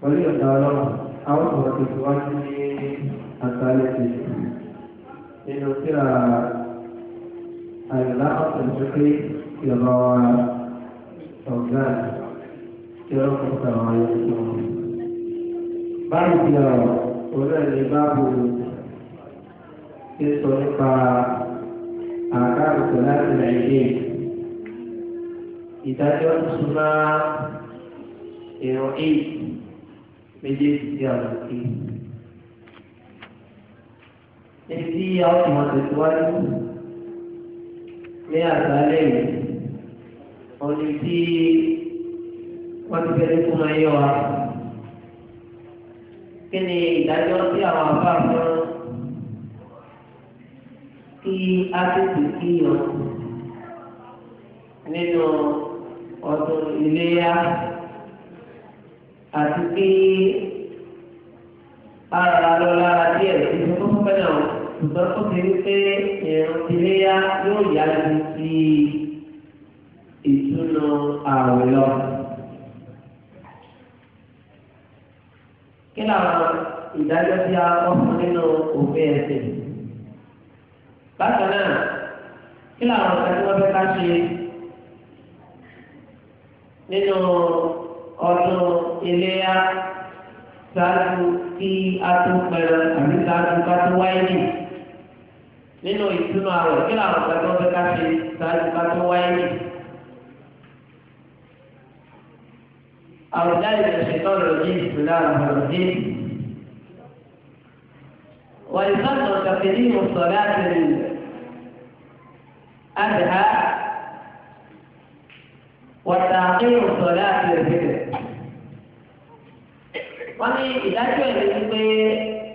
pẹ̀lú ìyọ̀dá ọlọ́run àwọn ọ̀rọ̀ tó ti wájú ní àtàlẹ́ ti nínú síra àyọ̀dá ọ̀sẹ̀ tó pé ìjọba wa ọ̀gá tí ọlọ́run kọ̀ọ̀kan àwọn ayé tó wọn. báyìí ti ọ̀rọ̀ olóòlì báàbò ti sọ nípa àkáàtò láti nàìjíríà ìdájọ́ ìṣúná èrò 8 méjèèjì tí a lò kí. Níbi tí a ó mọ̀ tẹ̀síwájú ní àgbálẹ̀ yìí, òní tí wọ́n ti fẹ́ẹ́ fún ayé wa. Kí ni ìdájọ́ tí àwọn àbá fún kí á tètè kí yàn nínú ọdún iléyà? àti pé ara lọ lára díẹ̀ nínú tó fún bẹ́ẹ̀ náà ṣùgbọ́n tó ti rí pé ẹ̀rùn ìléyà yóò yá ju ti ìtúnu ààwẹ̀ lọ. kí làwọn ìdájọ́ tí a kọ́ fún nínú òfin ẹ̀sìn? bákan náà kí làwọn ọ̀sẹ̀ wọ́n fẹ́ ká ṣe nínú ọdún. iléyà ṣáájú kí a tó pẹ̀rẹ̀ àbí ṣáájú ká tó wáyé nínú ìtúnu àwẹ̀ kí làwọn ọ̀gá tó ká ṣe ṣáájú ká tó wáyé. أعوذ بالله من الشيطان الرجيم بسم الله الرحمن الرحيم ويسمى تقديم الصلاة الأدهى وتعقيم صلاة الفجر wọ́n ní ìdájọ́ ẹ̀ ní pé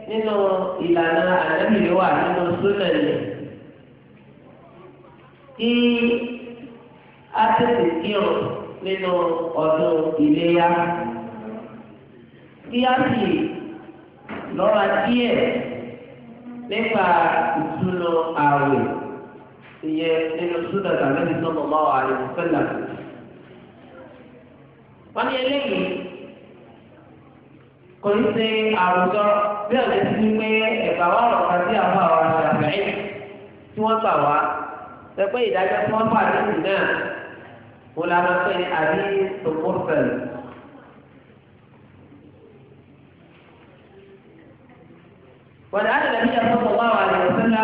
nínú ìlànà ànábìlẹ̀ wà nínú súnà yìí kí á tètè kírun nínú ọdún ìléyà kí á sì lọ́ra díẹ̀ nípa ìtúnu ààwẹ̀ ìyẹn nínú súnà tàbí nínú mọ́mọ́ àlè fẹ́lá. wọ́n ní eléyìí kò ní ṣe àròjọ bí ọ̀rẹ́ ti ní pé ẹ̀bà wà lọ kan sí àwọn àwọn àṣàfẹ́ tí wọ́n gbà wá sọ pé ìdájọ́ tí wọ́n fà nínú náà mo la máa pè ní àbí tòkófẹ̀l. wọ́n dà á lè lẹ́yìn wá wà lẹ́yìn sẹ́lá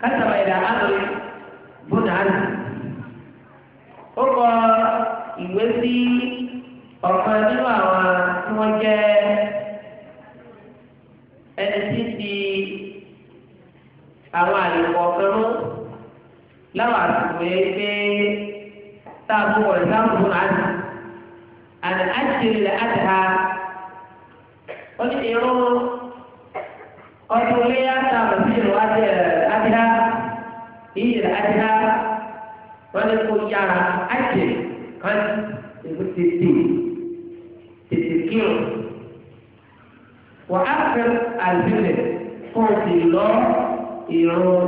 kátàbà ìdá àdóyè bónà àná. ó kọ ìwé sí ọ̀kan nínú àwọn wọ́n jẹ́ ẹni tí ń di àwọn àlùkò ọ̀kan mú láwọn àsìkò yẹn pé tá a bú wọ̀rẹ̀ sáà fún àti àti àjèrè lẹ̀ àti ha wọ́n ti irun ọdún léyà tá a bọ̀ sí ìrù àti àti ha ìyè lẹ̀ àti ha wọ́n ti kó yára àjèrè kan ìlú tètè kírun wà á fẹ́ àlùfẹ́ kó o sì lọ ìrun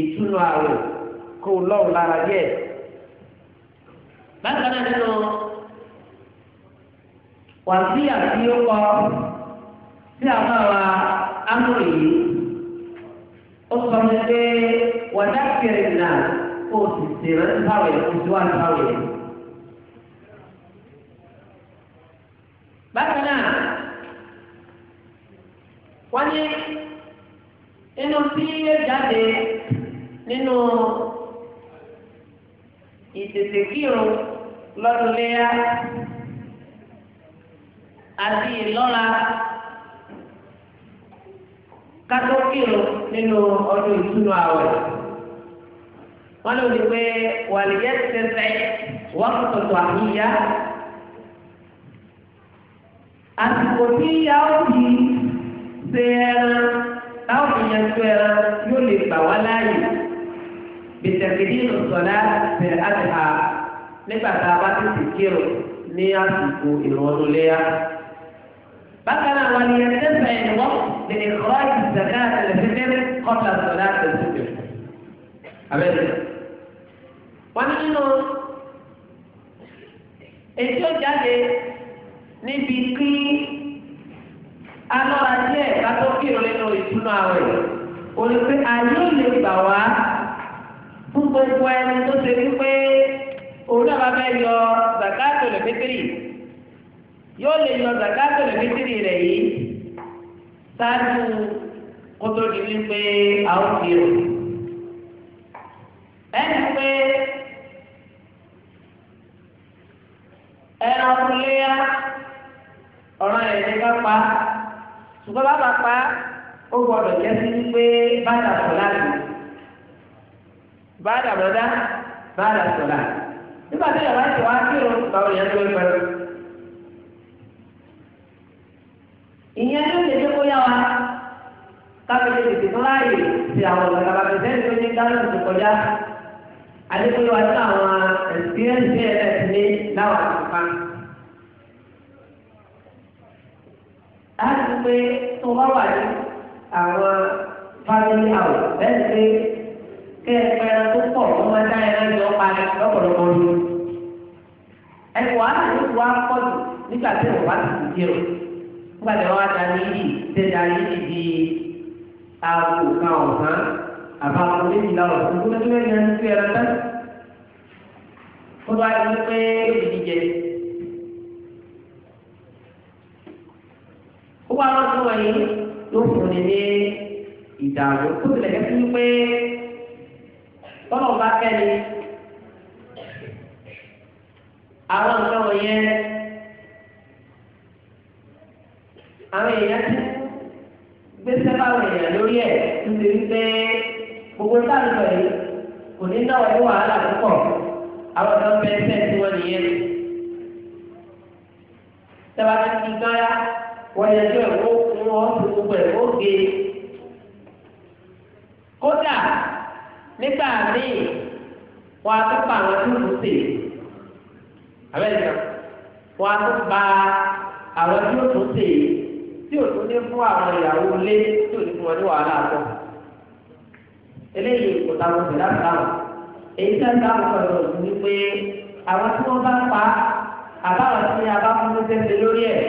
ìtúnu ààrùn kó o lọ́rùn lára díẹ̀ bákan náà nínú wà sí àti ó kọ sí àbáwa amúrì yìí ó sọ mi pé wà dá kiri náà kó o sì sèrè ń báwẹ̀ kó ń báwẹ̀ yìí. nínú ìtètè kírun lọ́dún léyà àti ìlọ́ra kátó kírun nínú ọdún ìtúnu àwẹ̀ wọ́n lè wí pé wàlíyẹ́ tẹ́tẹ́ wọ́n tọ̀tọ̀ àníyá àsìkò tí ìyá ó fi ṣe ẹran táwọn èèyàn tó ẹran yóò lè gbà wá láàyè bìtẹ̀kìdì ìrùsọ̀lá bẹ̀rẹ̀ àdìhà nígbà tá a bá ti sì kírun ní àsìkò ìrọ̀lú léyà. bákan náà wọn ni ẹsẹ̀ bẹ̀rẹ̀ ni wọ́n lè ní kọ́ ìsẹ̀ká àtẹlẹsẹ̀kẹ́ kọ́tà sọ̀lá àtẹlẹsẹ̀kẹ́. abẹ́rẹ́ wọn ní nínú ètò jáde níbi kí alọ́ra díẹ̀ ká tó kírun nínú ìtúnú àwẹ̀ olùpẹ̀ ayé ò lè gbà wá fún gbogbo ẹni tó ṣe wípé òun náà bá fẹ́ yọ zakato lè fitiri yóò lè yọ zakato lè fitiri rẹ̀ yìí ṣáájú kótó di wípé àwọn fi rò ẹni pé ẹran fúnléyà ọ̀ràn ẹ̀ ní ká pa ṣùgbọ́n bàbá pa ó gbọ́dọ̀ jẹ́ sí wípé bàtà fún láti báàdà mọ́dá báàdà sọ̀lá nígbà tí yàrá ti wá kírun báwọn yẹn tó ń bẹ̀rẹ̀. ìyẹn ló lè dé kó yá wa káfíńtì tètè tó láàyè ti àwọn ọ̀gá bàbá sẹ́yìn tó ní dáhùn tó kọjá adékòyè wa ní àwọn ẹ̀sìpírẹ́ǹsì ẹ̀ẹ́dẹ̀sì ní láwọn àtúnfà. láti pé tó bá wà ní àwọn family house bẹ́ẹ̀ ni kí ẹ pẹ́ ẹran tó pọ̀ tó máa dá ẹran yọ parẹ́ lọ́pọ̀lọpọ̀ ọdún. ẹ̀kọ́ àti ìlú wa pọ̀ jù nígbà tí ìwà ti kù jẹ́ o. nígbà tí wọ́n á ní yìí ṣe da yìí di aago kan ọ̀sán àbá àwọn méjìlá ọ̀sán tó lẹ́nu lẹ́nu ẹni tó yẹra tán. ó bá yẹ pé ìdíje. ó wá lọ́sùn wọ̀nyí ló fún ni ní ìdààmú tó tilẹ̀ kẹ́kẹ́ tọ́lọ̀ bá kẹ́ni àwọn nǹkan wọ̀nyẹn àwọn èèyàn ti gbèsè báwọn èèyàn lórí ẹ̀ nítorí pé gbogbo sáàlùfẹ̀ yìí kò ní náwó ní wàhálà púpọ̀ àwọn kan bẹ ẹsẹ̀ tí wọ́n nìyẹn. Tẹ́wá ti di gbáyà wọ́n yẹ kí ẹ̀kọ́ fún ọ́ fún gbogbo ẹ̀kọ́ gé. Kódà nígbà míì wọ́n á tún pa àwọn tó kù sí abẹ́rẹ́ kan wọ́n á tún pa àwọn tó kù sí tí ò tún ní fún àwọn ìyàwó lé tí ò ní fún wọn ní wàhálà pọ̀ eléyìí kò táwọn bẹ̀rẹ̀ àtàwọn èyí tí wọ́n táwọn sọ̀rọ̀ ọ̀sùn ni pé àwọn tí wọ́n bá pa àbáwọn tí a bá fún tẹ́tẹ́ lórí ẹ̀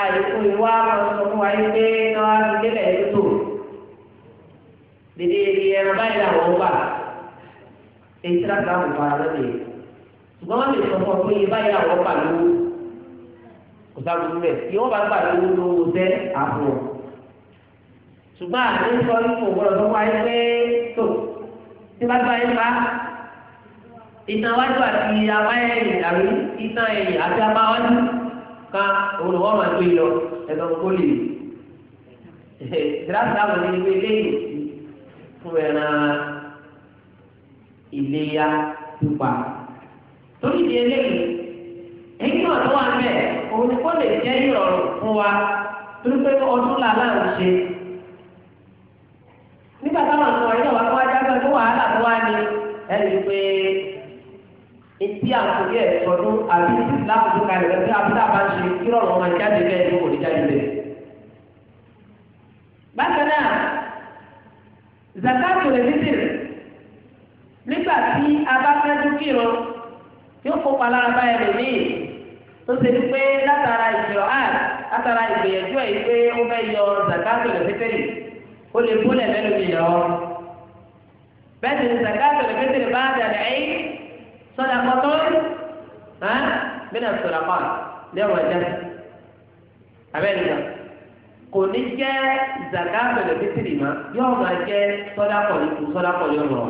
àìkú ìwà àwọn ọmọ pé náà á ti délẹ̀ yóò tó. Dede ẹran báyìí làwọn gbà. Èyí tí láti láwọn fara lọ́dẹ̀. Ṣùgbọ́n wọ́n lè sọ fún ọ pé iye báyìí làwọn gbà lówó. Kò sábà lórí rẹ̀. Ìwọ́n bá gbà lówó lówó tẹ́ àbọ̀. Ṣùgbọ́n àti sọ ipò gbọ́dọ̀ tó wáyé pé tó tí bá gbà yín bá ìtàn wájú àti apá ẹ̀yìn àbí ìtàn ẹ̀yìn àti apá wájú kan òun máa gbé lọ ẹ̀dọ̀ kó fún ẹran ìléyà pípa. torí ìdí eléyìí èyí náà tó wà òun ni kó lè jẹ́ ìrọ̀rùn fún wa torí pé ọdún làlá ń ṣe. nígbà táwọn ọ̀sán wọ̀nyí náà wá kó wájú àgbẹ̀ tó wàhálà tó wá ní ẹni pé etí àkórí ẹ̀ sọdún àbí lákòókò kalẹ̀ lọ́sẹ̀ abúlé àbá ń ṣe kí rọ̀rùn ọmọ ìjáde bẹ́ẹ̀ ni kò ní jáde bẹ́ẹ̀. bákan náà zakatu lè dídìrì nígbà tí a bá fẹ́ dúkìrọ yóò kópa lára báyìí lòmíì tó ṣe pé látara ìjọ àt látara ìgbìyànjú ẹ̀ pé ó fẹ́ yọ zakatu lè dídìrì ó lè bólẹ̀ mẹ́lòmíì yọ bẹ́ẹ̀ sì ni le lè dídìrì bá dàdà ẹ́ sọ́dà kọ́tọ́ ẹ́ bí náà sọ̀rọ̀ kọ́ lẹ́wọ̀n ẹ̀jẹ̀ abẹ́rẹ́ náà kò ní jẹ́ zaka bẹ̀rẹ̀ bísírì mọ́ yóò máa jẹ́ sọ́dákọ̀ ní kù sọ́dákọ̀ yóò rọ̀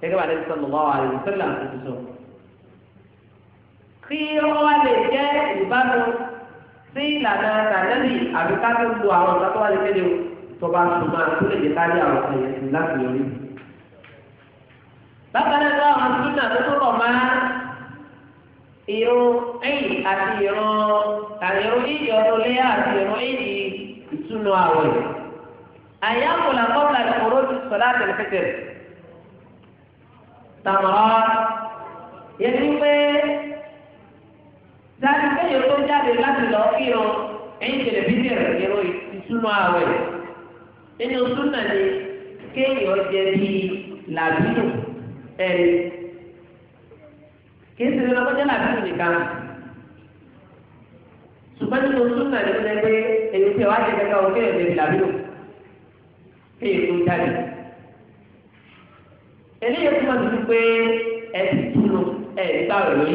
gẹ́gẹ́ bá lẹ́sìn sọ́nù wá wàhálà ìṣẹ́lẹ̀ àtúntò sọ. kí wọ́n wá lè jẹ́ ìbámu sí ìlànà tàlẹ́lì àbí ká tó lu àwọn ọ̀gá tó wà lè kéde tó bá tó máa tó lè jẹ́ káyé àwọn ọ̀gá yẹn láti yọrí. bákan náà àwọn súnà tó tó rọ̀ máa ìrún ẹ̀yìn àti ìrún àìrún ìyọ̀rún lé àti ìrún ẹ̀yìn ìtúnu àwẹ̀ àyàmùlà kọ́bla ìkòrò ti sọ̀lá àtẹlẹfẹ̀tẹ̀ tàmọ̀rọ̀ yẹni pé dáadé péye tó jáde láti lọ kírun ẹ̀yìn tẹlifíṣẹ̀ ìrò ìtúnu àwẹ̀ nínú súnà ni kéèyàn jẹ bíi làbínú ẹ̀rí kí n sì làbínú nìkan ṣùgbọ́n nínú súnà ní ilé pé èyí tí wàá jẹ kẹkẹ òkè èdè ìlàbílò kí èyí tó jáde. eléyìí túmọ̀ sí pé ẹtì túnú ẹ̀ nígbà lórí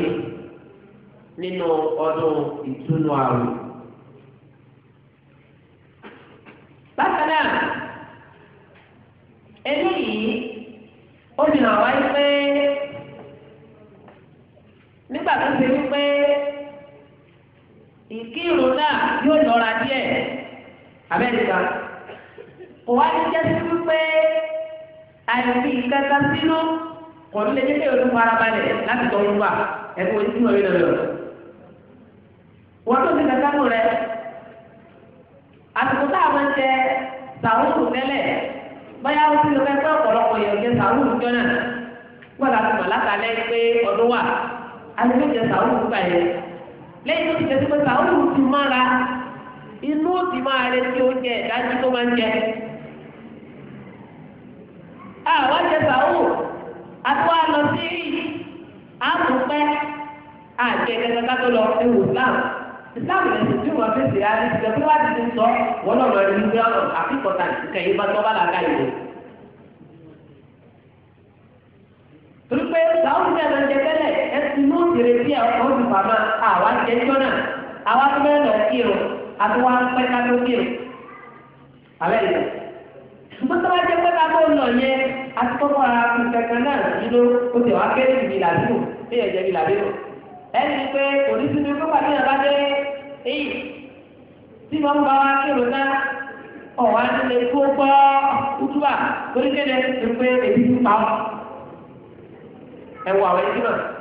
nínú ọdún ìtúnú àrùn. bákan náà eléyìí ó dìnnà wáyé pé nígbà tó ṣe wípé ìkírun náà yóò lọ́ra díẹ̀ abẹ́rẹ́ta kò wá ní jẹ́ sí wípé àìsí ìkẹta sínú kò ní lè jẹ́ kí olú farabalẹ̀ láti tọ́ olúwa ẹ̀kọ́ ojú ìwé lọ́yọ̀ wọ́n tó ti kẹta nù rẹ àsìkò tá a máa ń jẹ sàwùrù tẹ́lẹ̀ bóyá ó ti lọ fẹ́ pé ọ̀pọ̀lọpọ̀ yẹn jẹ sàwùrù jọ́nà wọ́n láti mọ̀ látàlẹ́ pé ọdún wà á ti jẹ sàwùrù gbà yẹn lẹ́yìn tó ti jẹ́ sípẹ́ta ó lù ti mára inú ó ti máa retí oúnjẹ ìdájú tó máa ń jẹ. àwọn jẹ sàwọ́ àtúwà lọ sí àtúpẹ́ àti ẹ̀kẹ́kẹ́ ká tó lọ ewu islam islam lẹ́sìn tí wọ́n fi ṣe àti ìṣẹ́ tó wá ti ti sọ wọ́n lọ́ọ́ lọ rí ní ọ̀nà àfikọ̀tà kẹ̀yìn bá tọ́ bá làákà yìí. torí pé sàwọ́ ti jẹ́ lọ́jẹ́ tẹ́lẹ̀ inú òkèrè bí àwọn ọmọ ìfàmà àwa ti ẹjọ́ náà àwa tó bẹ́ẹ̀ lọ kírun àti wá pẹ́ ká tó kírun. Àbẹ́ ìlú. Ṣùgbọ́n tó bá jẹ́ pé ká tó lọ yẹ atikọ́kọ́ ara kankan náà dúró ó ti wá kéré ìbí làbíwò bí ẹ̀jẹ̀ bí làbíwò. Ẹni pé oníṣẹ́ni kó pàdé náà bá dé èyí tí wọ́n bá wá kírun náà ọ̀wá nílé tó gbọ́ kútúbà oríṣiríṣi pé èyí ti pa ọ́. Ẹ wọ àwọn ẹni náà.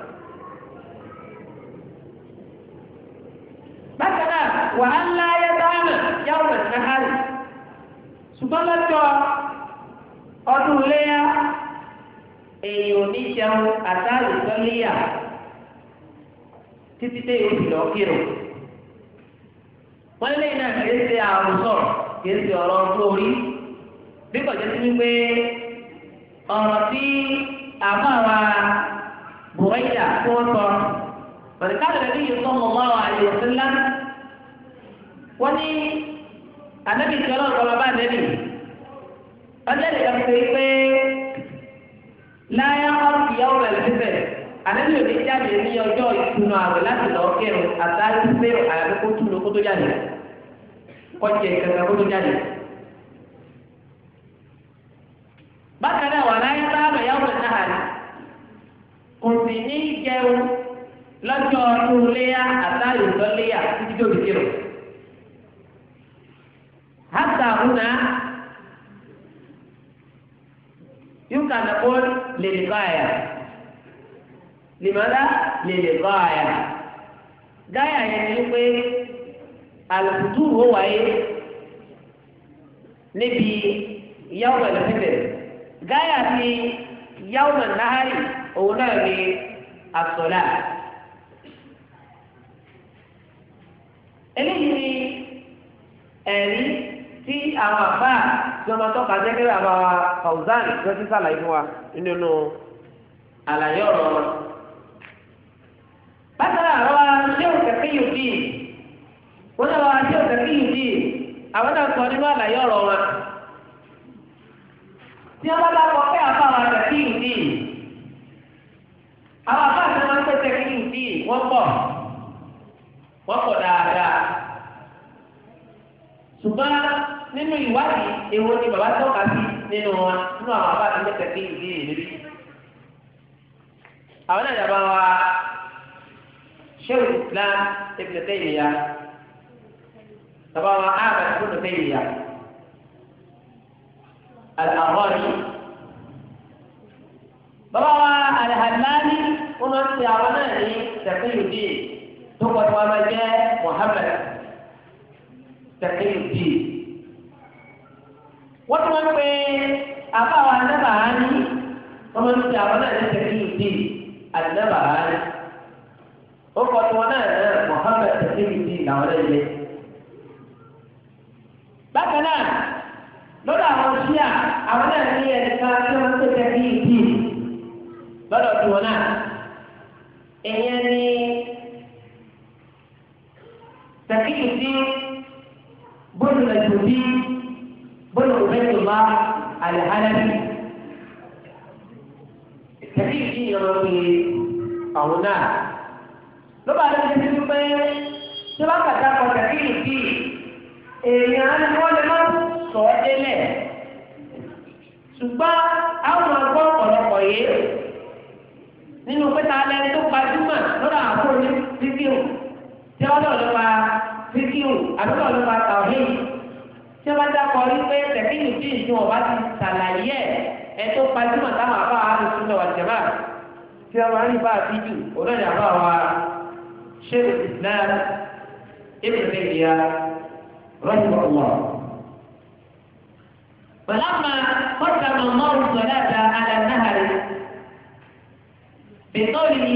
wà á ńlá ayé dáná yàwó rẹ̀ fẹ́ hàlì. ṣùgbọ́n lọ́jọ́ ọdún léyà èèyàn ò ní jẹun àtàlù lọ́lẹ́yà títí dé oṣù lọ́kìrò. wọ́n lé náà kìí ṣe àrùn kìí ṣe ọ̀rọ̀ lórí bí kọ̀jọ́ sí wípé ọ̀rọ̀ tí àbáwa bùrẹ́dà tó sọ. pẹ̀lú káàdì rẹ̀ ní ìyẹn tó mọ́ àwọn àyè òṣèlú lánàá wọ́n ní anabi tí ọlọ́run kọ́ bàbá anabi ọjọ́ ìdíkà ti sèé pé láyà ọ̀rọ̀ ìyàwó rẹ̀ lẹ́sẹ̀ anabi ò ní jáde ní ọjọ́ ìtúnu àwẹ̀ láti lọ́ọ́ kẹrù àtàlù pé àyàfi kó túnú kó tó jáde kọjá ìkẹ̀kẹ̀ kó tó jáde. bákan náà wà láyà bá àwẹ̀ yàwó rẹ̀ náà ní kò sì ní jẹun lọ́jọ́ ọdún léyà àtàlù títí tó fi kírun. أثرهن يمكن أن نقول للغاية لماذا؟ للغاية غاية يعني الفتور هو إيه؟ نبي يوم الفطر غاية في يوم النهر هنا الصلاة eléyìí ni ẹ̀rí tí àwọn àbá ìjọba tó kà jẹ́kẹ́ àbá Fauzan tó ti sàlàyé fún wa nínú àlàyé ọ̀rọ̀ wọn. bákan náà àwọn aṣẹ́wò kẹ̀kẹ́ yóò bí wọn náà wọn aṣẹ́wò kẹ̀kẹ́ yóò bí àwọn náà sọ nínú àlàyé ọ̀rọ̀ wọn. tí wọn bá bá kọ pé àbá wọn kẹ̀kẹ́ yóò bí àwọn àbá àti wọn pẹ̀tẹ̀ kẹ̀kẹ́ yóò bí wọ́n pọ̀ wọ́n pọ̀ dáadáa ṣùgbọ́n nínú ìwádìí èwo ni bàbá tọ́ka sí nínú wa nínú àwọn bàbá àti mẹ́tẹ̀ kí ìdílé níbí. àwọn náà yàrá wa ṣéwù Islam ibn Taymiyya bàbá wa Ahmad ibn Taymiyya al-Harrani bàbá wa al wọn ti àwọn náà ní tẹ̀kí ìdílé tó kọ́ tí wọ́n máa jẹ́ Muhammad tẹ̀lé bì. wọ́n ti wọ́n pé àbá wa nẹ́bà á ní wọ́n máa ń pè àwọn náà ní tẹ̀lé bì àdínẹ́bà á ní. ó kọ́ tí wọ́n náà náà Muhammad tẹ̀lé bì làwọn náà yẹ. bákan náà lọ́dọ̀ àwọn ṣíà àwọn náà ní ẹ̀ka tí wọ́n ti tẹ̀lé bì lọ́dọ̀ tí wọ́n náà ìyẹn ni tẹ̀lé bì. المجهودي بن عبيد الله الهلبي تحيي يرمي أو نعم ló bá lóun ti pé tí wọn kàtà kọjá kí ni bí èèyàn á wọ́n lè má sọ ọ́ délẹ̀ ṣùgbọ́n àwọn ọgbọ́n ọ̀pọ̀lọpọ̀ yìí nínú pẹ́ta alẹ́ tó tí wọ́n lọ́ọ́ lọ́ọ́ bá fíkìrù àbí lọ́ọ́ lọ́ọ́ bá tàwé tí wọ́n bá dákọ̀ rí pé tẹ̀kínì tí ìdún ọba ti ṣàlàyé ẹ̀ tó gbajúmọ̀ táwọn àbá àlùsùn lọ́wọ́ jẹ̀má tí wọ́n bá rí bá àti jù olóyè àbá wa ṣé ìsìlẹ̀ ìbùdókè ìyá rọ́ṣùmọ̀ wọn. ولما قدم الله الصلاة على النهر بقوله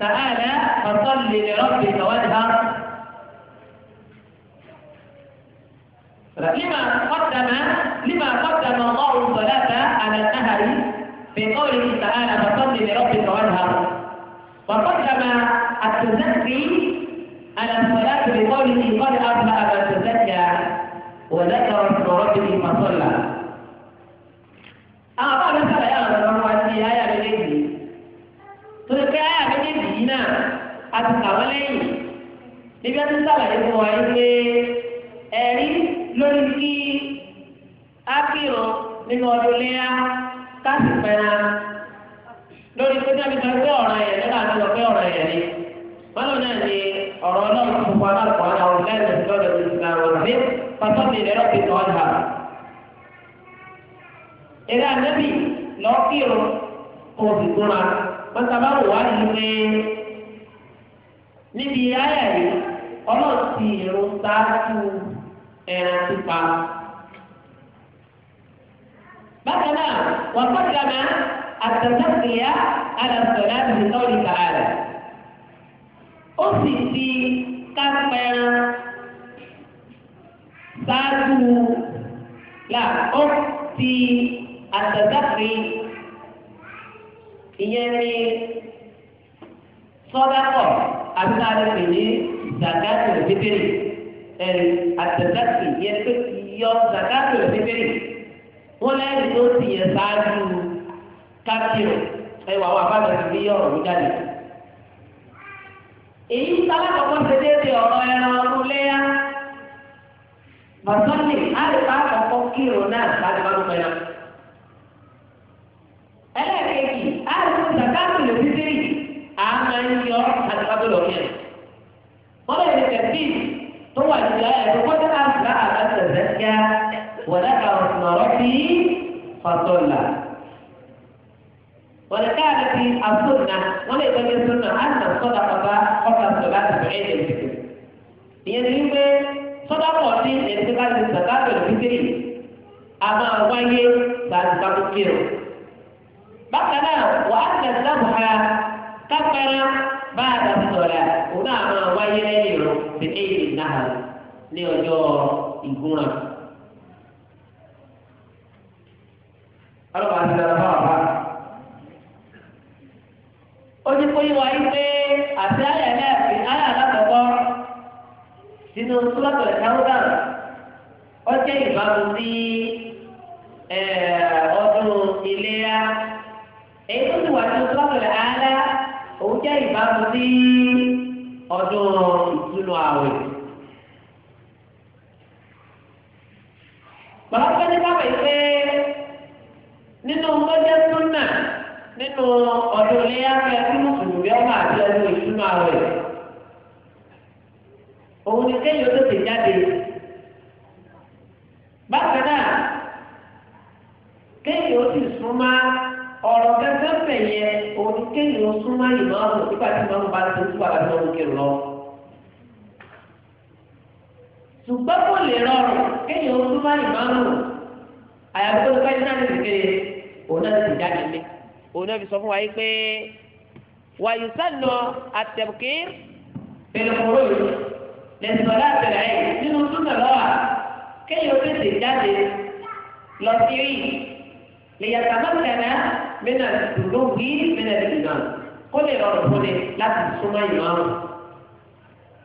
تعالى فصل لربك وانهر لما قدم لما قدم الله الصلاة على النهر في قوله تعالى فصل لربك وانهر وقدم التزكي على الصلاة بقوله قد أبلى أبا تزكى وذكر اسم ربه فصلى أعطى مثلا يا رب العالمين آية بجدي تلك آية بجدي هنا أتقبلين níbi ẹni sábà yìí lórí kí á nínú ọdún léyà káàsì pẹ́ra lórí pé dábì kan pé ọ̀ràn yẹn nígbà tí wọ́n pé ọ̀ràn yẹn ni wọ́n lò náà ní ọ̀rọ̀ ọlọ́run tó fún aláàbọ̀ àwọn ọ̀gá ẹ̀sìn lọ́dọ̀ ìsìlámù ní pàtọ́bì ìrẹ́rọ̀ pé tọ́ ọ̀dà. eré anábì lọ́ọ́ kírun kò sì gbóra wọ́n sábà wò wá ní pé níbi ayà yìí ọlọ́run ti ìrún sáájú ẹran pípa. bákan náà wọ́n kọ́sílá máa àtàtàkìyà alàsọ̀rọ̀ àti sọ́ọ̀rì kàárà. ó sì fi kápẹ́rán ṣáájú yà ó ti àtàtàkì ìyẹn ní sọ́dákọ̀ àti sáré pèlè ìdàgbàsókè pépèrè àtẹ̀sẹ̀sì yẹn pé yọ zakato ìdíbìrì wọn lẹ́yìn tó ti yẹ sáájú kápíọ̀ ẹ wà wà bàtà ti fi yọ ọ̀rọ̀ mi jáde. èyí sálákọ̀ọ́kọ́ ṣe déédé ọ̀rọ̀ ẹran ọdún léyà bàtọ́nì àlùfáà kọ̀ọ̀kọ́ kírun náà láti bá gbogbo ẹran. ẹlẹ́ẹ̀kejì àlùfáà zakato ìdíbìrì àmọ́ ń yọ àti bá gbogbo ọ̀rọ̀ yẹn. wọ́n lè ní tẹ̀síì. هو الآية فقد أفلح من تزكى وذكر اسم ربه فصلى وكانت السنة وليس السنة أن الصدقة قبل الصلاة بعيد الفطر يعني صدقة في ارتباط الزكاة والفطر أما وهي صدقة كبيرة بقى وأن الذبح كفر بعد الصلاة ونعم ويلين في عيد النهر لأجور الجنة ọlọ́pàá ti dára fáwọn afá. ó ti kó yín wá pé àti àyà náà fi àyà sínú ó jẹ́ ìbámu sí ọdún èyí tó ti wà jẹ́ ìbámu sí ọdún ìtúnu àwẹ̀. bàbá tó ní bàbá yìí pé nínú gbọ́dọ̀ súnà nínú ọdún iléyà fẹ́ kí mùsùlùmí ọmọ àti ọdún ìtúnu àwẹ̀. òun ni kéèyàn tó ti jáde. bákan náà kéèyàn ó sì súnmọ́ ọ̀rọ̀ gẹ́gẹ́ bẹ̀ yẹ oníkéyìn súnmọ́ ìmọ̀ọ́mù nígbà tí mọ́mú bá ti tú àgbà tó ń ké lọ. ṣùgbọ́n kò lè rọrùn kéyìn súnmọ́ ìmọ̀ọ́mù àyàfi tó fẹ́ náà lè ké òun náà ti jáde lé òun náà fi sọ fún wa yìí pé wàyí sànù àtẹ̀kí bẹ̀rẹ̀ kúrò yìí lẹ́sọ̀rọ̀ àtẹ̀rẹ̀ yìí nínú súnmọ́ lọ́wọ́ kéyìn ó tètè jáde lọ sí yìí lè yàtọ̀ mọ́tẹ̀rẹ̀ mẹ́nà dùdú wí mẹ́nà dùdú ó lè rọrùn fún mi láti súnmọ́ ìmọ̀ àwọn.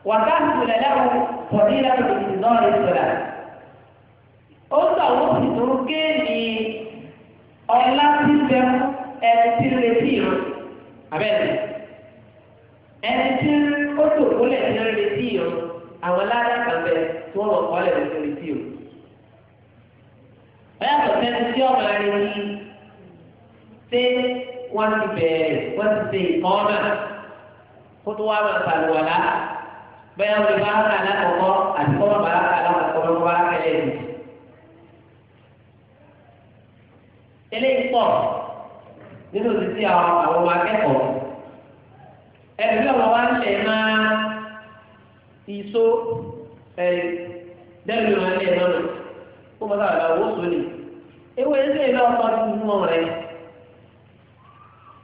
wàtá ìpìlẹ̀ lẹ́wọ̀n pọ̀lì láti fi náà lè sọ̀rọ̀. ó sọ àwọn òṣìṣẹ́ kéènì ọ̀la tí ń bẹ fún ẹni tí ń retí ìrún. abẹ́rẹ́ ẹni o ó dòkó lẹ̀ tí ń retí ìrún àwọn ládàá kan bẹ tí wọ́n wọ̀ kọ́ lẹ̀ tí ń retí ìrún. ọ̀yàtọ̀ sẹ́ni tí ọmọ rẹ̀ ṣé wọ́n ti bẹ̀rẹ̀ wọ́n ti ṣe ìkọ́ náà kó tó wá máa ṣàlùwà lá bẹ́ẹ̀ wọ́n ti bá ara alákọ̀ọ́kọ́ àti kọ́ bàbá alákọ̀ọ́kọ́ ló bá kẹlẹ́ yìí. eléyìí pọ̀ nínú títí àwọn àwọn akẹ́kọ̀ọ́ ẹ̀rí ọ̀rọ̀ wa ń lẹ̀ máa ìso dẹ́rù ìrànlẹ́ náà kó bàbá àgbà wò sóni ewé ẹsẹ̀ ìlú ọ̀pọ̀ tuntun rẹ̀.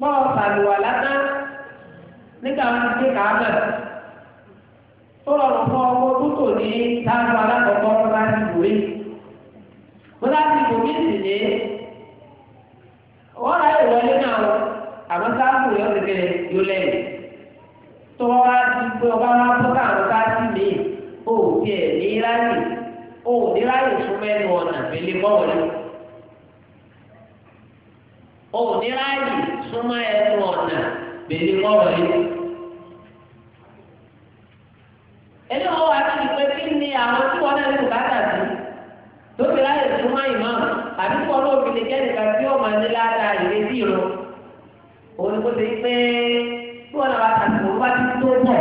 bọ́ọ̀ sàlùwà látà nígbà wọn ti ká bẹ̀. tó rọrùn fún ọwọ́ tó ní táwọn alákọ̀ọ́kọ́ wọn bá ti wò é. mo dá sí ìbò méjì ní wọ́n náà àmọ́ sáàpù yóò ti yóò tó wọ́n òun ní ráàyè súnmọ́ ẹnu ọ̀nà bèbí kọ́rọ̀ yìí. ẹni wọn wá sí ìpè kí ni àwọn tí wọn náà lè bá tàbí lóbi ráàyè súnmọ́ ìmáàmù àbí kọ́ lóbi lè jẹ́ nìkan tí ó máa ní ládàá ìrètí rọ. òun kò sí pé tí wọn náà bá tàbí òun bá ti tó bọ̀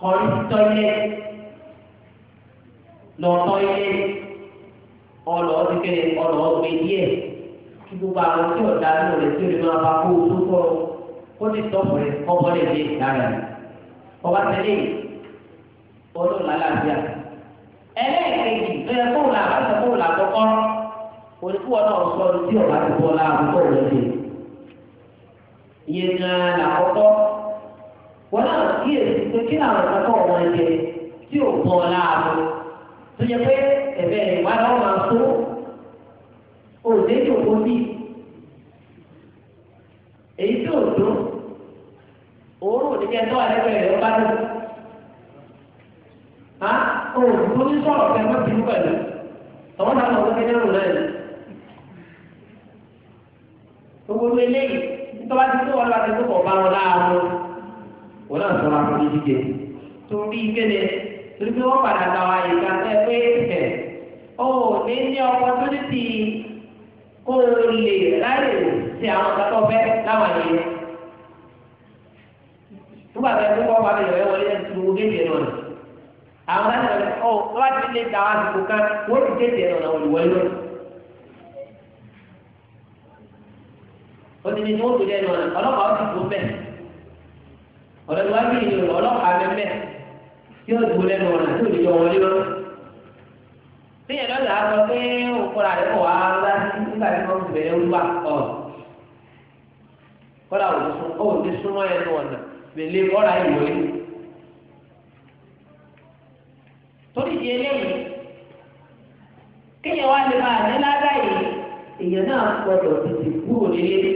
kọ́rí tọ́lé lọ́tọ́ ilé ọlọ ọdún kẹlẹ ọlọ ọgbẹ díẹ̀ kí gbogbo àwọn tí ọ̀dà nínú rẹ̀ tí o lè máa bá kó o tó kọ́ kó ti tọ́pù rẹ̀ kọ́kọ́ lè dé lára rẹ̀ ọba tẹ̀lé ọlọ́ làlàáfíà ẹlẹ́ẹ̀kejì ẹ fóònù àbáṣe fóònù àkọ́kọ́ oníkú ọ̀nà ọ̀sọ́ ọdún tí ọba ti bọ́ láàbù kọ́ ọ̀rẹ́ dé ìyẹn náà làkọ́kọ́ wọn náà kíyèsí pé kí làwọn ẹ̀ka ẹ̀fẹ́ rẹ̀ wá láwọn máa tó òde ní òkú bí èyí tí ò tó òórùn ní kẹ́ńtọ́ àlẹ́gbẹ̀ẹ́ rẹ̀ bá lò á òòrùn tó ní sọ̀rọ̀ fẹ́ mọ́ bínú pẹ̀lú tọ́wọ́n náà lọ́wọ́ kẹ́kẹ́ rùn náà gbogbo eléyìí nítorí ti tó wọn lọ àti tó bá wọn láàárọ̀ wọn náà sọ̀rọ̀ àfọ̀dé jíjẹ torí kéde torí pé wọ́n padà gba àyíká ẹ pé ẹ̀ o ò ní ní opportunity kó o lè ráyè sí àwọn kan tó fẹ́ láwọn yẹn. Nígbà tó ń kọ́ pàmì ìrọ̀lẹ́ wọlé ẹ̀ ti gbogbo géèjì ẹ̀ náà. Àwọn láti sọ pé ọ̀ wá ti lè da wá àsìkò kan wọ́n ti géèjì ẹ̀ náà wọlé wọlé. Ó ti ní ní wọ́n tó dé ẹ̀ náà ọlọ́pàá ó ti tó bẹ́ẹ̀. Ọ̀dọ́dúnwá bí ìlú ọlọ́pàá bẹ́ẹ̀ tí ó dùn lẹ́nu ọ̀nà tí ò tíyẹn lọ́dà á sọ pé òkúra rẹ̀ kọ̀ wá láti nígbà tí wọ́n ti bẹ̀rẹ̀ wíwà ọ̀ kọ́lá òun ti súnmọ́ ẹnu ọ̀nà lèlé ọ̀rá ìwé torí di eléyìí kéèyàn wá lè máa ní ládàá yìí èèyàn náà gbọdọ̀ tètè kúrò nílé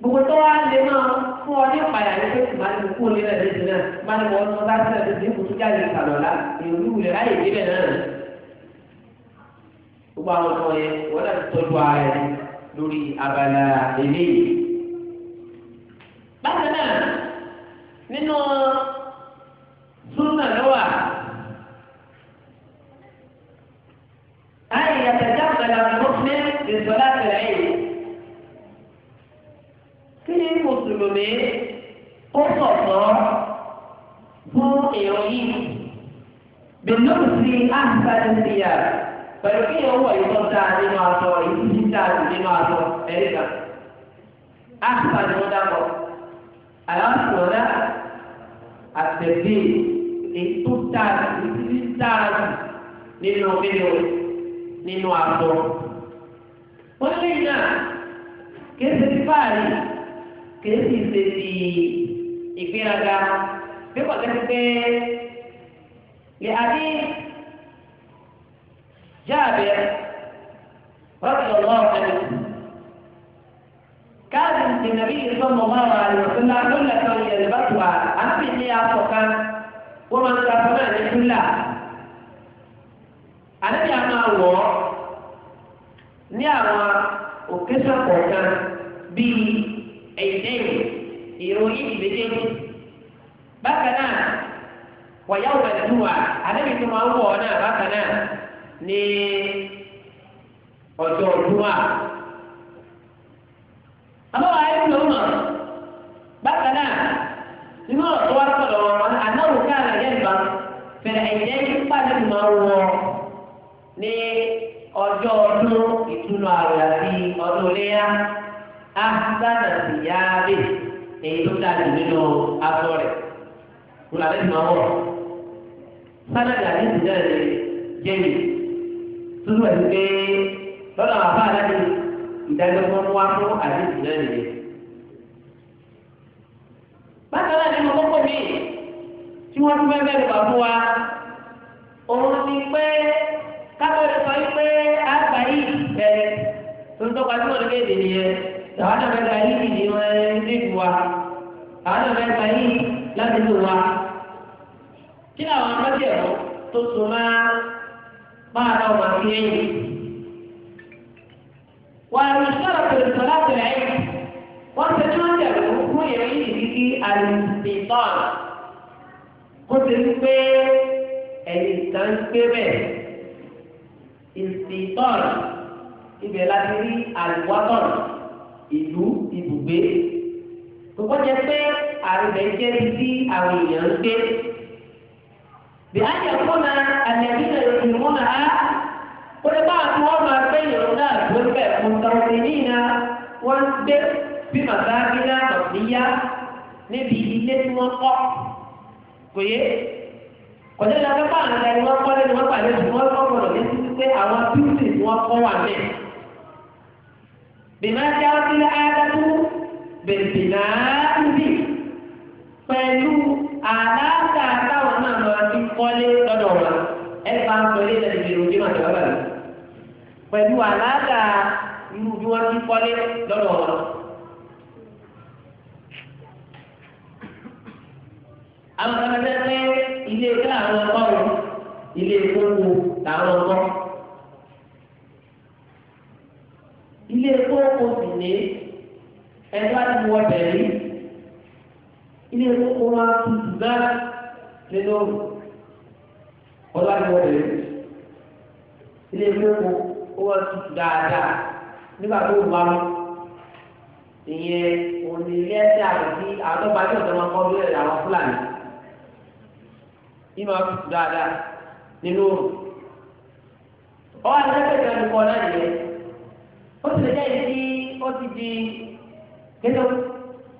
gbogbo tó wá lè máa fún ọ ní ìpàdé àti pé màá ní kúrò nílé ẹ̀dẹ́sìn náà máa ní wọ́n tó bá sílẹ̀ tó ti kú tó jáde ìsàlọ̀ la èèyàn olúwulẹ̀ láyè débẹ̀ náà gbogbo àwọn ọmọ yẹn wọ́n náà tọ́jú ara rẹ̀ lórí abala eléyìí. bákan náà nínú súnà lọ́wọ́ àyè àtẹ̀já àgbàlá mọ́fẹ́ ìsọ̀lá tẹ̀lé yìí. kí mùsùlùmí kó sọ̀tọ̀ fún èrò yìí. باللبس أحسن الثياب pẹ̀lú kí yẹn wọ̀ ìbọn dáa nínú aṣọ ìdíjí dáa sí nínú aṣọ ẹ̀ríkà àṣà ni wọ́n dàpọ̀ aláṣọ̀ọ́dá àtẹ̀dé ètò dáa sí ìdíjí dáa sí nínú mímu nínú aṣọ. wọ́n lé náà kéésì ti báyìí kéésì ti di ìgbéraga bí wọ́n ti pé lè adé. جابر رضي الله عنه كان النبي صلى الله عليه وسلم كل يلبسها أما هي أفقا ومن كفنا كلها àlejò àmà wọ̀ ọ́ ní àwọn òkèsọ̀ kọ̀ọ̀kan bíi ẹ̀yìnlẹ́yìn ìròyìn ìbéjèèjì bákan náà wọ̀yá òbẹ̀dúwà àlejò tó máa ń wọ̀ ọ́ náà bákan náà ní ọjọ́ òdúwà. àbáwá ayé ló mọ̀ bákan náà nínú ọ̀rọ̀ wa sọ̀rọ̀ wọn anáwó káàlà yẹn bá fẹ̀rẹ̀ ẹ̀jẹ̀ nípa nínú máa wọ ní ọjọ́ ọdún ìtúnu àwẹ̀ àti ọdún léyà áhùsánà sì yá bè èyí tó dájú nínú aṣọ rẹ̀ kúlà lẹ́nu máa wọ̀ sánà gàdí ìdílé jẹ́mi túbọ̀ ní pé lọ́dọ̀ àbá aláàbí ìdájọ́ tó ń wá fún àdéhùn náà nìyẹn. bákan náà nínú kókó mi tí wọ́n tún fẹ́ bẹ́ẹ̀ lọ fún wa òun ni pé kábọ̀dé sọ yìí pé àgbà yìí bẹ̀rẹ̀ tó ń tọ́ka tí wọ́n lè kéde nìyẹn àwọn náà fẹ́ gba yìí ni wọ́n lè bu wa àwọn náà fẹ́ gba yìí láti bu wa kí làwọn akẹ́kẹ̀ẹ́ tó so máa. مع روضة العلم ويشترط لصلاة العلم وتتوجب حكم يعيد به الاستيطان قلت لكي الإنسان كبير استيطان ibẹ̀ láti rí àlùwátọ̀n ìlú ibùgbé tó kọjá pé àrùbẹ̀ jẹ́ ti àwọn èèyàn gbé bí a yẹ kó na àlẹ́bí náà yóò tún mú na á kó lè bá àti wọ́n máa gbé ìrún náà tó bẹ̀ mùtàwọ̀nì yìí na wọ́n ń gbé bí màtá bí náà lọ níyá níbi ilé tí wọ́n kọ́ kò yé kọjá ní abẹ́pá àgbà ni wọ́n kọ́ lẹ́nu wọ́n pàdé tí wọ́n kọ́ gbọ́dọ̀ ní pé àwọn bíútì tí wọ́n kọ́ wà mẹ́. bìnnà tí a ti lé ayádájú bèbè náà níbí pẹ̀lú àdáàtà táwọn náà lọ sí kọ́lé lọ́dọ̀ wọn ẹ bá ń pẹ̀lú ìlànà ìbèrè òjò náà pẹ̀lú àdáàtà irú bí wọ́n wọn. àwọn ilé ẹ̀kọ́ wa tutù náà nínú ọlọ́dúnwọ̀ rẹ̀ ilé ẹ̀kọ́ wa tutù dáadáa nígbà tó wù wá ìyẹn òní ilé ẹ̀sẹ̀ àti àdọ́gba tí ọ̀dọ́ máa kọ́ lórí ẹ̀rọ àwọn fúlàní ìmọ̀ dáadáa nínú náà nìyẹn ó lè jẹ́ ìdí ó ti di kéde.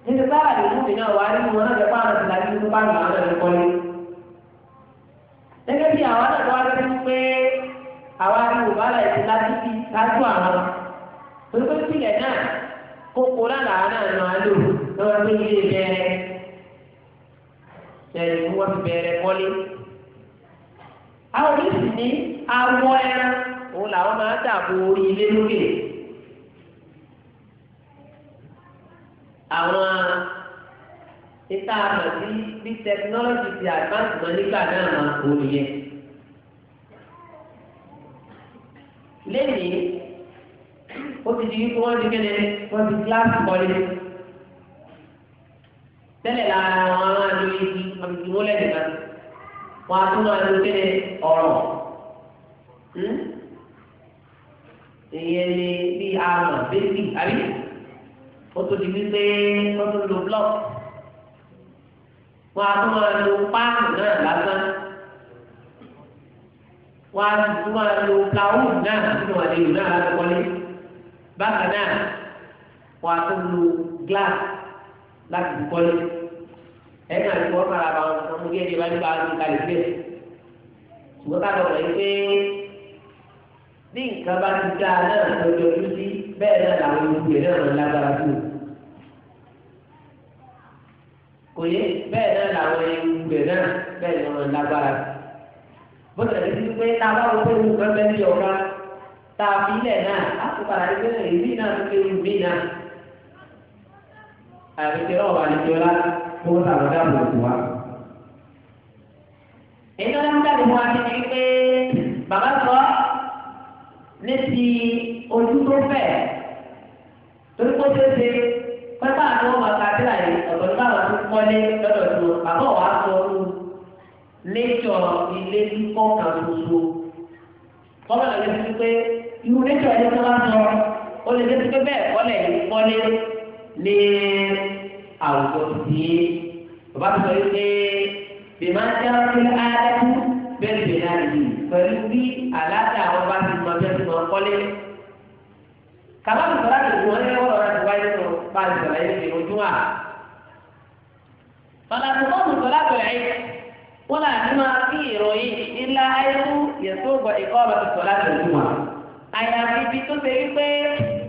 níbi sára lè mú mi náà wá nínú wọn náà jẹ fáwọn àti láti nínú báńkì àwọn náà lè kọ́lé. gẹ́gẹ́ bí àwọn náà tó wá lọ́dún pé àwa ní yorùbá láì ti láti fi lájú àwọn torí pé sílẹ̀ náà kókó lára àwọn náà nà á lò lọ́wọ́ pé ilé bẹ̀rẹ̀ bẹ̀rẹ̀ ni wọ́n fi bẹ̀rẹ̀ kọ́lé. àwọn oríṣi ní awọ ẹran òun làwọn máa dàbò ilé lókè. àwọn ìta àmàtí bí tẹkinọ́lọ́jì ti advance mọ́ nígbà náà máa kó nìyẹn. lẹ́yìn ó ti di wípé wọ́n ti kéde wọ́n ti kíláàsì kọ́lé. tẹ́lẹ̀ lára wọn a máa lo igi wọ́n ti wọ́n lẹ́yìn náà wọ́n a tún máa lo kéde ọ̀rọ̀ hmm? ìyẹn ni bí àmà bẹ́ẹ̀kì àbí ó tó di wípé wọ́n tún lo blọọkì wọ́n á tún máa lo páàkì náà lásán wọ́n á tún máa lo plywood náà nínú àdéhùn náà láti kọ́lé bákan náà wọ́n á tún lo glass láti fi kọ́lé ẹ̀yìn náà ni wọ́n fara bá wọn fún un bí ẹni bá ní kalẹ̀ sílẹ̀ ṣùgbọ́n ká lọ pé bí nǹkan bá ti dáa náà lọ́jọ́ ojú sí bẹ́ẹ̀ náà làwọn olùgbé náà lọ lágbára fún kò yé bẹ́ẹ̀ náà làwọn ewu rẹ̀ náà bẹ́ẹ̀ ni wọ́n lágbára bó tilẹ̀ ti pé tábàrò pé ewu kan bẹ́ẹ̀ ní ọ̀gá tá a fi ilẹ̀ náà á ti padà rí pé èmi náà ti fi ewu mi náà àbíkẹ́ náà wà níjọ́ lá kó wọ́n sàrọ̀ dáàbò òkú wa. èyí ló ń dàbí wọn àti ní pé bàbá sọ ní ti ojú tó fẹ̀ torí kó tẹ́ ṣe pẹ́pà ni wọ́n máa ka sílà yìí ọ̀dọ̀ nígbà wọn ti mọ́lé lọ́dọ̀ tó bàbá wa sọ ọ́nù lẹ́jọ́ ilé kíkọ́ kan ṣoṣo. Bọ́lá lè fi pé irú lẹ́jọ́ ilé tó bá sọ ó lè fi pé bẹ́ẹ̀ kọ́lẹ̀ yìí mọ́lé ní àwùjọ tì í. Bàbá ti sọ wípé bèèmá jẹ́ ọ́nà àádẹ́kù bẹ́ẹ̀ bèèrè àdìyí pẹ̀lú bí àlàáfíà wọn bá ti mọ bẹ́ẹ̀ ti mọ kọ́lé kàmáàlú sọlá tó ju wọn ní ẹwọ lọrọ ti wáyé tó bá ń sọlá yẹn kìí ojú wa. fàlàtí bọ́ọ̀lù sọlá tó yẹ wọn là ní máa fi ìròyìn ńlá ayélu yẹtó gbọ ìkọ́ ọ̀rọ̀ ti sọlá tó ju wa. àyàfi ibi tó ṣe wípé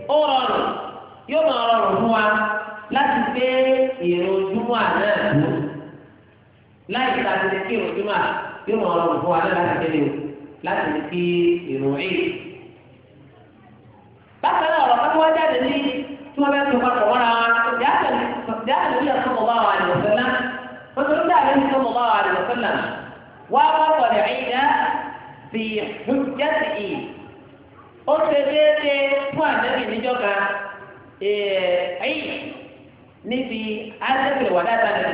ó rọrùn yóò máa rọrùn fún wa láti gbé ìròjú wa náà tó láì sàtìlẹ́kì ìròjú wa yóò máa rọrùn fún wa láti gbé ìròjú láti fi ìròyìn bákan náà ọ̀rọ̀ kan wá jáde ní tí wọ́n bẹ́ẹ̀ tó bá tọ̀ wọ́n ra wọn jáde lórí ọ̀sán mọ̀lá wa àlè ọ̀sán náà wọ́n tó ń dà lórí ọ̀sán mọ̀lá wa àlè ọ̀sán náà wá wá pọ̀lẹ̀ ẹ̀yìnà fi hujjati ì ó ṣe déédéé fún àdébì níjọ́ kan ẹ̀yìn níbi àdébì wàdà tá a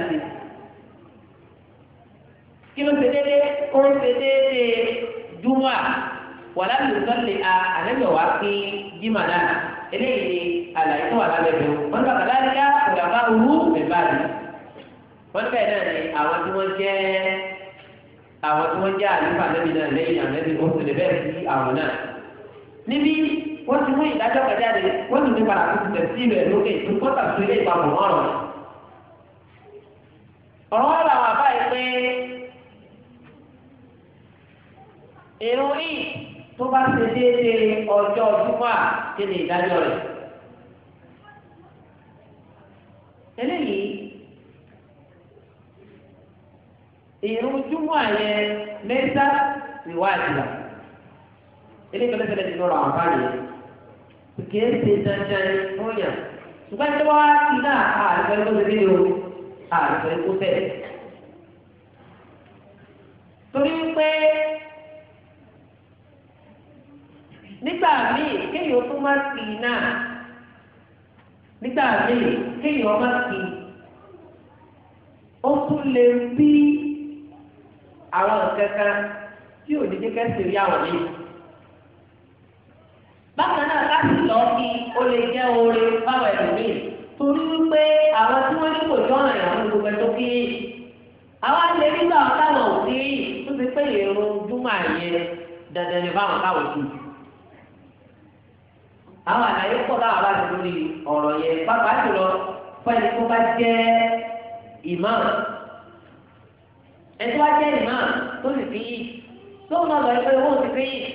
kí ló ṣe déédéé ó ṣe déédéé dúnmọ́ wàlá lùsọ́lì a àlẹ́lẹ̀ wá sí jimá náà eléyìí ni àlàyé tó wà lábẹ́ bí wọ́n lọ kàdá ní ká ìyàbá wú bẹ̀bá mi wọ́n bẹ̀rẹ̀ náà ni àwọn tí wọ́n jẹ́ àwọn tí wọ́n jẹ́ àlùfà lẹ́bi náà lẹ́yìn àlẹ́bi ó sì lè bẹ́ẹ̀ sí àwọn náà níbi wọ́n ti mú ìdájọ́ kọjá de wọ́n ti ní padà tó ti tẹ̀sí rẹ̀ lókè tó kọ́tà tó ilé ìpamọ́ ọ̀rọ̀ ọ̀rọ̀ wọn làwọn àbá yìí pé èrò yìí tó bá ṣe déédéé ọjọ́ júmọ́ kí ni ìdájọ́ rẹ̀. eléyìí ìrun júmọ́ yẹn mẹ́ta ìwádìí la eléyìí pẹ̀lú ìṣẹ̀lẹ̀ nínú ọ̀rọ̀ àǹfààní kìí ṣe dandan fún yàn ṣùgbọ́n tí wọ́n á ti náà o àìsàn tó tẹ̀. torí pé. nígbà míì kéèyàn tó má sí i náà nígbà míì kéèyàn má sí i ó tún lè bí àwọn nǹkan kan tí ò ní jẹ́ kẹ́sì rí àwọn yìí. bákan náà láti lọ kí ó lè jẹ́ oore báwọn ẹlòmíì torí wípé àwọn tí wọ́n ní jọ ọ̀ràn ìyàwó gbogbo ẹ̀ tó kí àwọn àti ẹbí gbà ọ́ táwọn ò sí tó ti pé èrò júmọ̀ yẹn dandan ni báwọn káwọn sí i àwọn àlàyé pọ̀ láwọn bá ti lórí ọ̀rọ̀ yẹn pápá jùlọ fẹ́ni tó bá jẹ́ imam ẹni tó bá jẹ́ imam tó sì fi yìí tóun náà lọ ẹgbẹ́ owó ti fi yìí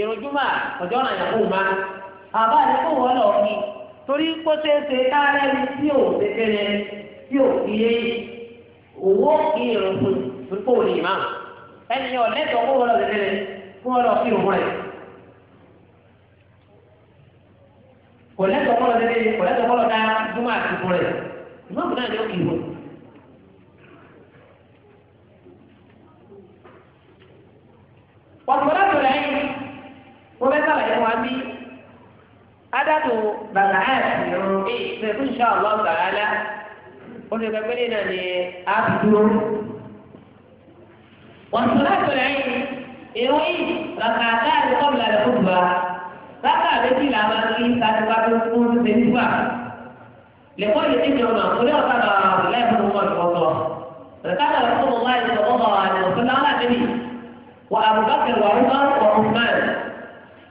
ìrùjúmọ̀ ọjọ́ náà yàgò má àbá àdékò wọ́n lọ kí torí kó ṣe é ṣe káàárẹ̀ ní tí ò ṣe kéré tí ò fi yé owó kí irun fún fún kó wọlé imam ẹni yẹn ọ̀lẹ́tọ̀ kó wọ́n lọ ṣe kéré kó wọ́n lọ kí irun fún rẹ̀. kò lẹ́tọ̀ kọ́lọ̀ dẹ́rẹ́ kò lẹ́tọ̀ kọ́lọ̀ dá dúmọ̀ àtìkù rẹ̀ ìmọ̀ọ́mù náà yóò kì í wọ̀. pọ̀tùpọ̀tù lẹ́yìn wọ́n bẹ́ sàlàyé wa bí adátò bàbá àti ìrún ìfẹ́ fún ìṣọ́ àwọn ọ̀gá olùkọ́ pé nínà ni a dúró. wọ́n sọ̀rọ̀ àtọ̀rọ̀ yìí ìrún yìí lọ́kàtà àti kọ́bìlà lẹ́kọ̀ọ́ rákà méjì làwọn kí sáfíwá tó fún ṣe ń wà. lẹ́kọ́ yìí ti jọ̀nà orí ọ̀tá lọ àbúlé fún ọmọ ìfọ̀tọ̀. rẹ̀kádà lọ fún ọmọ ìfọ̀tọ̀ ọmọ àdìmọ̀tò láwọn àdébì wà àbúbákẹ́ wà ọmọ ọ̀húnmáà.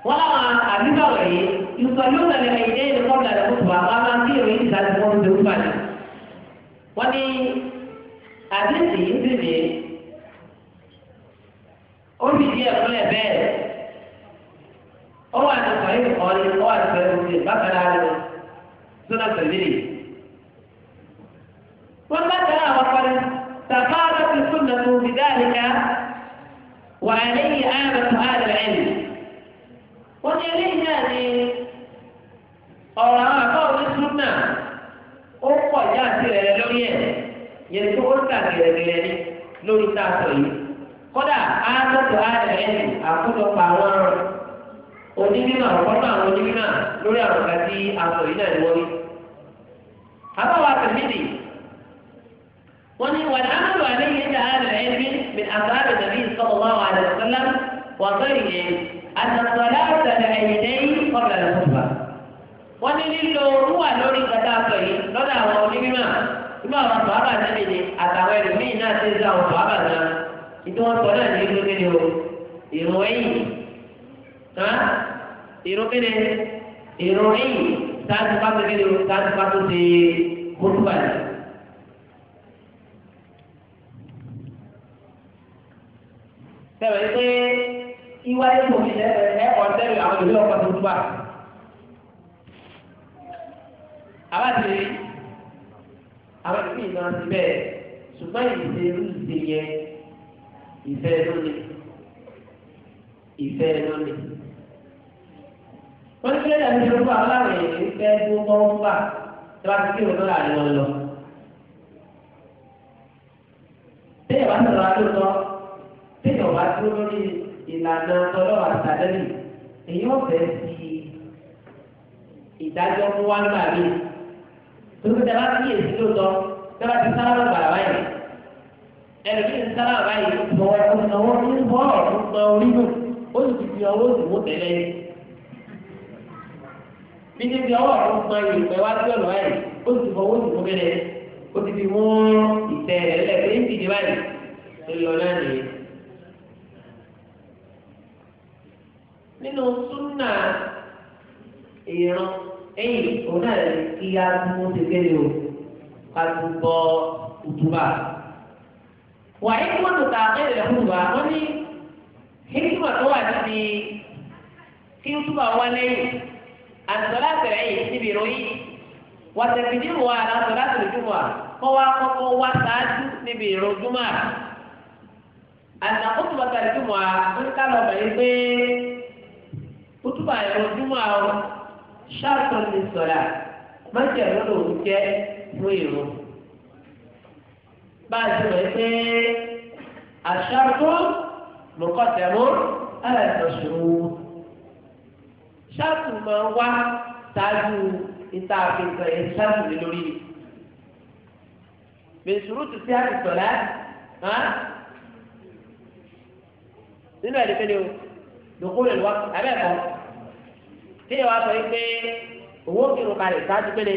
wọ́n láwọn àdúgbò wọ̀nyí yusọ̀lú nàlẹ́ ẹ̀yẹ́ ìdẹ́kọ̀ọ́dà lẹ́kọ̀ọ́ wọ́n ní àdéhùn yìí ń bèbè ó fi díẹ̀ fúnlẹ̀ bẹ́ẹ̀ ọwọ́ àtàkùn ayé kọ̀ọ̀ ni ọwọ́ àtàkùn ayé kọ̀ọ̀ ni bákan náà ni sọ́nà tẹ̀lé wọ́n bákan náà wọ́n parí tàbára ti súnà tó fi dáàlìkà wà lẹ́yìn ààrẹ tó ààrẹ ẹ̀mí wọ́n ní eléyìí náà ni ọ̀rọ̀ àwọn àbáwọ̀ ní súnà ó pọ̀ já sí rẹ̀ lórí ẹ̀ yẹn tó ó tà gẹ̀rẹ́gẹ̀rẹ́ ni lórí tá yìí kódà ààrẹ tó ààrẹ ẹ̀mí àwọn ọ̀rọ̀ onímọ̀ àkọ́kọ́ àwọn onímọ̀ lórí àwọn ọ̀gá tí aṣọ yìí náà ni wọ́n rí. àbáwọ̀ àtẹ̀mídì wọ́n ní wà láàrú àléyé ní àárẹ̀ ẹ̀mí mi àbáàrẹ̀ nàbí ìsọ̀rọ̀ wà àdàsọ́lá wà sórí yẹn àdàsọ́lá àtàlẹ̀ ẹ̀yìnlẹ́yìn kọ́bìlà lọ́sọ̀fà. wọ́n ní lílo wúwà lórí kàtà aṣọ yìí lọ́dọ̀ àwọn onímọ̀ nígbà wọn sọ àbà náà nìyẹn àtàwọn ẹlòmíì náà ti ń sọ àwọn sọ àbà náà ìdí wọn sọ náà ní ìlú nínú ìrùn ẹ̀yìn ìrún kíni ìrún yìí sáàtì pàtó kíni sáàtì pàtó ti kótópà yìí. sẹ́wọ̀n pé iwájú kò fi ẹ̀kọ́ sẹ́wọ̀n àwọn ìlú ọ̀pọ̀ tó túbà. àbájáde àwọn ìlú yìí máa ti bẹ́ẹ̀ ṣùgbọ́n ìṣe irú ìṣe yẹn ìfẹ́ lónìí ìfẹ́ lónìí wọ́n ti lẹ́yìn àti ìṣòro àwọn aláwọ̀ èyí fẹ́ tó wọ́n ń bà tí wọ́n ti kí wọn lọ́la àríwọ̀ lọ. bẹ́ẹ̀ wá sọ̀rọ̀ alóòótọ́ bẹ́ẹ̀ ọ̀bá dúró lórí ìlànà ọlọ́wà sàdẹ́lì èyí wọ́n fẹ́ fi ìdájọ́ fún wa ńgbà mí. torí pé dábàá sí èsì lóòótọ́ dábàá ti sára lọ́gbà báyìí ẹ̀rọ bí n sára báyìí lọ́wọ́ ìnáwó ń bọ̀ ọ̀rọ̀ ń níbi bí ọwọ́ ọ̀rọ̀ ń pọn ìrùpẹ̀ wá sí ọ̀nà báyìí ó ti fọwọ́ sí fún bẹ́ẹ̀ ó ti fi mú ìtẹ̀ rẹ̀ lẹ́gbẹ̀ẹ́ ń dìde báyìí ó lọ náà nìyẹn. nínú súnà ìran ẹ̀yìn òun náà lè kí á mú ti kéde o ká tó bọ́ òtúbà. wàá yẹ kí wọ́n tó ta ẹ̀rẹ̀ òtúbà wọ́n ní hikima tó wà níbi kí òtúbà wá lẹ́yìn àtọ̀lá tẹ̀lé yìí níbi ìròyìn wàtẹ̀fìdì wà àtọ̀lá tẹ̀lé jùmọ̀ kọ́ wa kọ́kọ́ wá sáájú níbi ìrò jùmọ̀ àtàkùtù bàtàlẹ̀ jùmọ̀ nǹkan lọ́mọ yìí pé kùtùbà ìrò jùmọ̀ ṣáàtọ̀ ní sọ̀rọ̀ májẹ̀ lọ́dọ̀ òun jẹ́ fún ìrò bá a ti mọ̀ pé àṣàkó mọ̀kọ́tẹ̀mú ẹ̀ lọ́sọ̀rọ̀ ṣáàtù máa wá ṣáájú ìta àfihàn ẹ̀ ṣáàtù lé lórí ni. bẹ̀sùrù tù sí àtìsọ̀lá nínú ẹ̀dẹ́gbẹ́ ni o lòkúrò ìlú wa abẹ́ ẹ̀kọ́ tí ìwà sọ yìí pé owó kìrùn kalẹ̀ ṣáájú pélé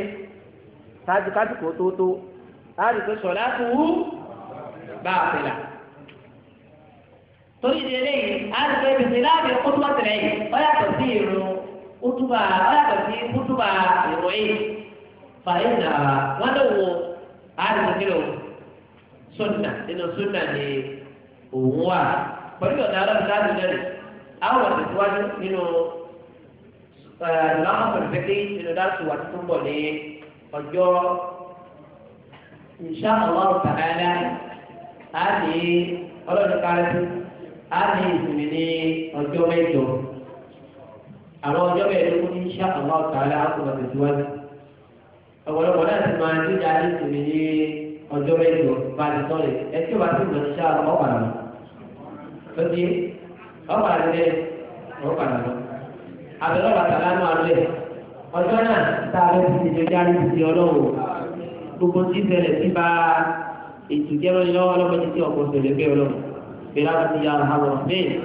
ṣáájú kásìkò tóótó láti tó sọ̀lá tó wú bá a fẹ́ la torí ìdílé yìí á ti pé bìtì láàbì kótó wá tẹ̀lé yìí ó yàtọ̀ sí ìrún kútùbà aláàbò sí kútùbà ìròyìn fàyè nà wọn lè wo àdìsíkìlò sunna nínú sunna ni òun wà pẹ̀lú ọ̀dà alábìsá àdìsíkìlò àwọn ọ̀dà síwájú nínú ìlànà pẹ̀lẹ́pẹ̀lẹ́ nínú dáàtú wà tuntun bọ̀ ní ọjọ́ insha Allah ta'ala àti ọlọ́dún kárí àti ìsinmi ní ọjọ́ mẹ́jọ àwọn ọjọ́ bẹ́ẹ̀ ló kún ní iṣẹ́ àwọn ọ̀tàlá àkùnà tẹ̀síwájú ọ̀pọ̀lọpọ̀ náà ti máa ń dídá ní ìsinmi ní ọjọ́ bẹ́ẹ̀ lọ bá ti tọ́ lẹ̀ ẹ tí ó bá ti mọ̀ iṣẹ́ àwọn ọ̀pàlà lọ tó di ọ̀pàlà lẹ ọ̀pàlà lọ àbẹ̀lọ́ bàtàlá náà lẹ̀ ọjọ́ náà tá a lọ sí ìjọ jáde ti ọlọ́run gbogbo tí ìṣẹ̀lẹ̀ ti bá ètò